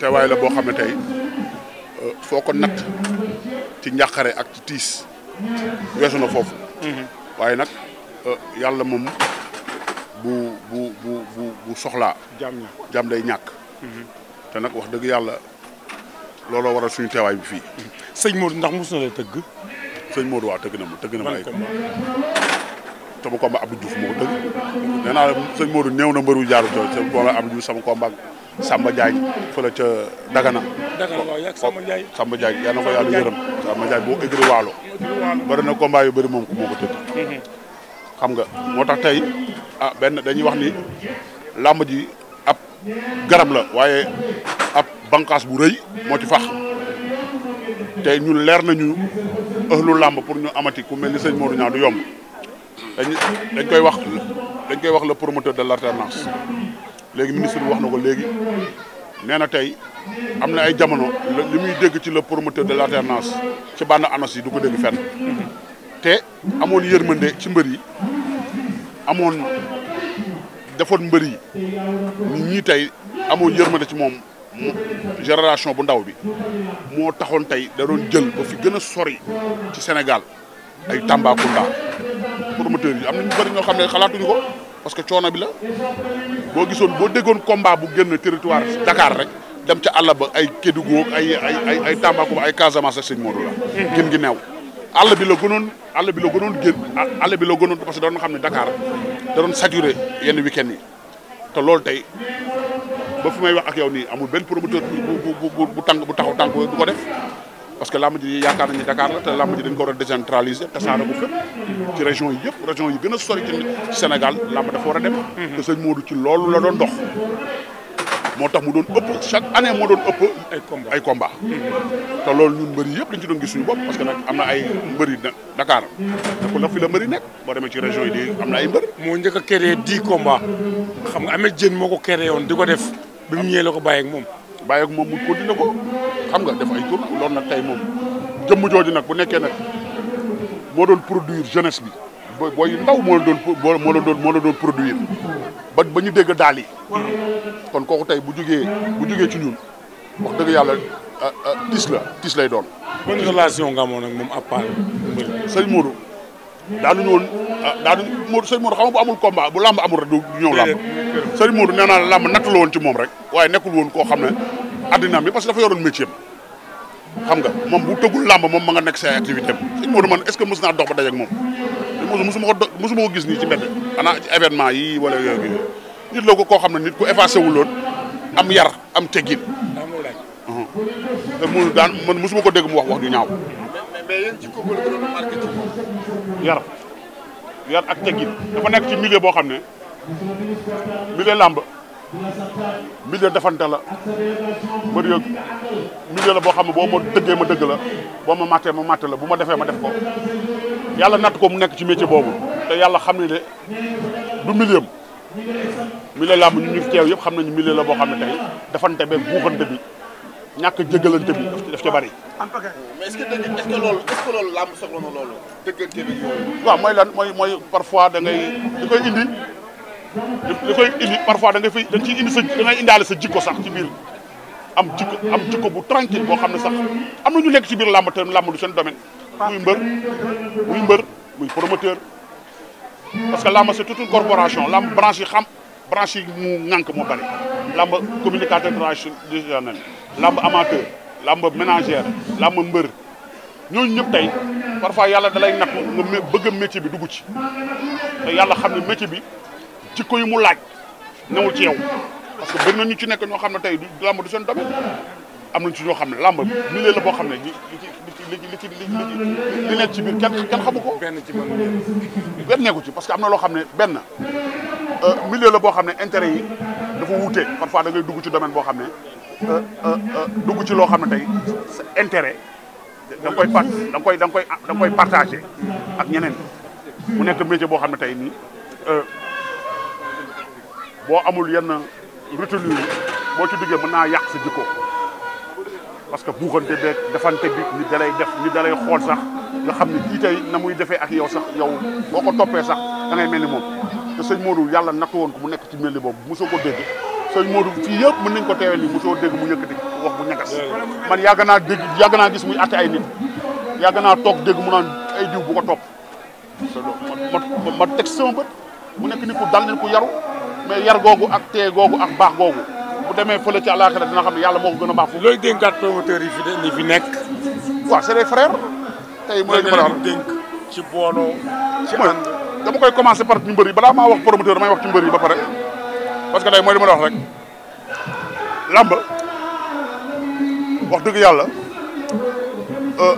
teewaay la boo xam ne tey euh, foo kon natt ci njàqare ak ci tiis weesu na foofu. Mm-hmm. waaye nag euh, yàlla moom bu bu bu bu bu soxlaa. jàmm ñàkk. Mm-hmm. te nag wax dëgg yàlla looloo wara suñu teewaay bi fii. Mm-hmm. sëñ Modou ndax mos na la tëgg. sëñ Modou waaw tëgg na ma tëgg na ma ay combat sama combat moo ko tëgg nee naa sëñ Modou néew na mbëru jaaru jooju sama combat Abdou Diouf sama combat Samba Diagne fële ca Dagana. Dagana waaw yàgg Samba Diagne Samba Diagne yal ko yàlla yërëm. Samba Diagne boo écrire waalo. bari na combat yu bëri moom ko moo ko tëdd. Mhm. xam nga moo tax tey ah benn dañuy wax ni làmb ji ab garab la waaye ab banqaas bu rëy moo ci fax tey ñun leer nañu ëhlu làmb pour ñu amati ku mel ni sëñ Modou ñaa du yomb dañ dañ koy wax dañ koy wax le promoteur de l'alternance léegi ministre wax na ko léegi nee na tey am na ay jamono li muy dégg ci la promoteur de l'alternance ci bande annonce yi du ko dégg fenn te amoon yërmande ci mbër yi amoon defoon mbër yi nit ñi tey amoon yërmande ci moom génération bu ndaw bi moo taxoon tey da doon jël ba fi gën a sori ci Sénégal ay Tambacounda promoteurs yi am na ñu bëri ñoo xam ne xalaatuñu ko parce que coono bi la boo gisoon boo déggoon combat bu génn territoire Dakar rek dem ca àll ba ay Kédougou ay ay ay ay Tambacounda Casamance ak sëñ Modou la. gin gi neew àll bi la gënoon àll bi la gënoon génn àll bi la gënoon parce que doon xam ne dakaar da doon saturé yenn week-end yi te loolu tey ba fi may wax ak yow nii amul benn promoteur bu bu bu bu tàng bu taxaw tàng du ko parce que làmb ji yaakaar nañu Dakar la te làmb ji dañ ko war a décentraliser tasaare ko fépp ci région yi yëpp région yi gën a sori ci Sénégal làmb dafa war a dem te sëñ Modou ci loolu la doon dox moo tax mu doon ëpp chaque année moo doon ëpp ay combat te loolu ñun mbëri yëpp dañ ci doon gis suñu bopp parce que nag am na ay mbëri Dakar te ku la la mbëri nekk boo demee ci région yi di am na ay mbër moo njëkk a créé dix combat xam nga Ameth Dieng moo ko créé woon di ko def bi mu ñëwee la ko bàyyeeg moom bàyyeeg moom mu continué ko xam nga def ay tour loolu nag tey moom jëmm jooju nag bu nekkee nag moo doon produire jeunesse bi bo booy ndaw moo la doon doon moo doon produire ba ba ñu dégg daal yi kon kooku tey bu jógee bu jógee ci ñun wax dëgg yàlla ah, ah, tis la tis lay doon. bonne relation nga amoon nag moom à part mbir sëñ Modou daanuñu woon ah, daanuñu Modou sëñ Modou xam bu amul combat bu làmb amul rek du ñëw làmb. sëñ Modou nee naa làmb nattu la woon ci moom rek waaye nekkul woon koo xam ne. addinaam bi parce que dafa yoroon métier xam nga moom bu tëggul làmb moom ma nga nekk si ay activité am sëñ Modou man est-ce que mos naa dox ba dajeeg moom mosu mosuma gis nii ci mbedd xanaa ci événement yi wala yooyu nit la ko koo xam ne nit ku effacé wu loon am yar am teggin. te ko dégg mu wax wax ju ñaaw. yar yar ak teggin dafa nekk ci boo xam ne milieu làmb. milieu defante la mbër yëg milieu la boo xam ne boo ma dëggee ma dëgg la boo ma màttee ma màtt la bu ma defee ma def ko yàlla natt ko mu nekk ci métier boobu te yàlla xam ne de du milieu am milieu ñu ñu fi teew yëpp xam ñu milieu la boo xam ne tey defante beeg buuxante bi ñàkk jégalante bi daf ca bari. en tout cas mais est-ce que dëgg est-ce que loolu waaw mooy lan mooy mooy parfois da ngay koy indi. li koy indi parfois da nga fay da sa da ngay sa jikko sax ci biir am jikko am jikko bu tranquille boo xam ne sax am na ñu nekk ci biir làmb te làmb du seen domaine muy mbër muy mbër muy promoteur parce que làmb c'est toute une corporation làmb branche yi xam branche yi mu ŋànk moo bari làmb ménager traditionnel làmb mbër ñooñu ñëpp tey parfois yàlla dalay nattu nga bëgg métier bi dugg ci te yàlla xam ne métier bi ci yu mu laaj newul ci yow parce que bëri na ñu ci nekk ñoo xam ne tey du làmb du seen domaine am nañ ci ñoo xam ne làmb milieu la boo xam ne li li li ci li li nekk ci biir kenn kenn xamu ko. benn ci mën benn ci parce que am na loo xam ne benn euh, milieu la boo xam ne intérêt yi dafa wuute parfois da ngay dugg ci domaine boo xam ne euh, euh, dugg ci loo xam ne tey sa intérêt da nga koy da koy da koy da nga koy partagé ak ñeneen mu nekk métier boo xam ne tey nii. boo amul yenn retenue yi boo ci duggee mën naa yàq sa jikko parce que buuxante beeg defante bi ni dalay def ni dalay xool sax nga xam ne kii tey na muy defee ak yow sax yow boo ko toppee sax da ngay mel ni moom te sëñ Modou yàlla nattu woon ko mu nekk ci mel ni boobu mosoo ko dégg sëñ Modou fii yëpp mën nañ ko teewee nii mosoo dégg mu yëkkati wax bu ñagas man yàgg naa dégg yàgg naa gis muy atte ay nit yàgg naa toog dégg mu naan ay diw bu ko topp ma ma teg sama mu nekk nit ku dal nit ku mais yar googu ak téye googu ak baax googu bu demee fële ci àllaaxira dina xam ne yàlla moo ko gën a baax foofu. looy dénkaat promoteurs yi fi nekk. waaw c'est des frères. tey mooy dama koy commencer par ci mbër yi balaa maa wax promoteur damay wax ci mbër yi ba pare parce que tey mooy li ma la wax rek làmb wax dëgg yàlla euh,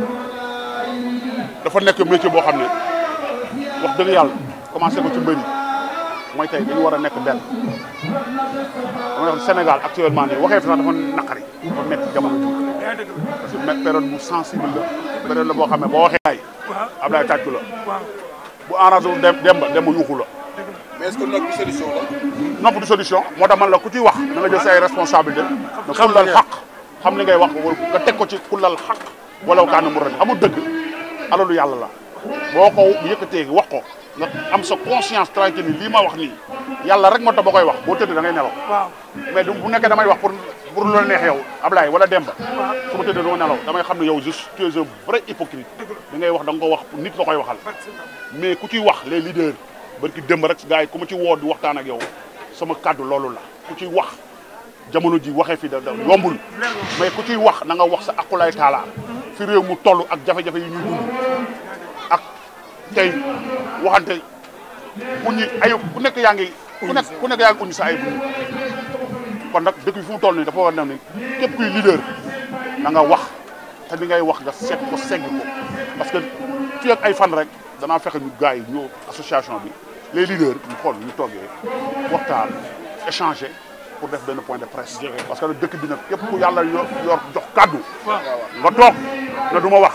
dafa nekk métier boo xam ne wax dëgg yàlla commencé ko ci mbër yi mooy tey dañu war a nekk benn dama wax Sénégal actuellement nii waxee fi sax dafa naqari dafa métti jamono ji parce que période bu sensible la période la boo xam ne boo waxee ay Ablaye tàccu la bu arrangé wu dem dem ba dem la mais est-ce que nopp du solution moo tax man la ku ci wax na nga jël say responsabilité nga xullal xaq xam li ngay wax nga teg ko ci xullal xaq walaw kaana mu ran amul dëgg alalu yàlla la boo ko yëkkatee wax ko am sa conscience tranquille li ma wax ni yalla rek moo tax ba wax bo teud da ngay nelaw. mais du bu nek damay wax pour pour lo neex yow Ablaye wala Demba. waaw su ma tëddee doo nelaw damay xam yow je suis tu es un vrai hypocrite. da ngay wax da nga wax nit la koy waxal. mais ku ci wax les leaders. barki Demba rek gaay kuma ci wo di waxtan ak yow sama cadeau lolou la ku ci wax jamono ji waxe fi da da yombul. mais ku ci wax na nga wax sa akulay taala fi rew mu tollu ak jafé jafé yu ñu dund ak. tey waxante bu ñu ku nekk yaa ngi. ku nekk ku nekk yaa ngi uñu sa ayib kon nag dëkk bi fu mu toll dafa war a ne képp kuy leader na nga wax te li ngay wax nga seet ko segg ko parce que fii ak ay fan rek danaa fexe ñu gars yi ñoo association bi les leaders ñu xool ñu toogee waxtaan échanger pour def benn point de presse. parce que dëkk bi nag képp ku yàlla yor jox kàddu. nga toog na du ma wax.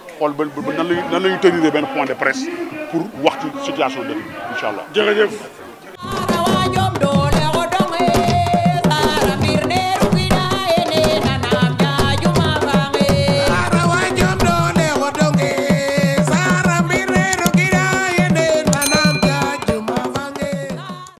xool ba nan la ñuy nan la ñuy tenir benn point de presse pour wax situation de bi incha allah.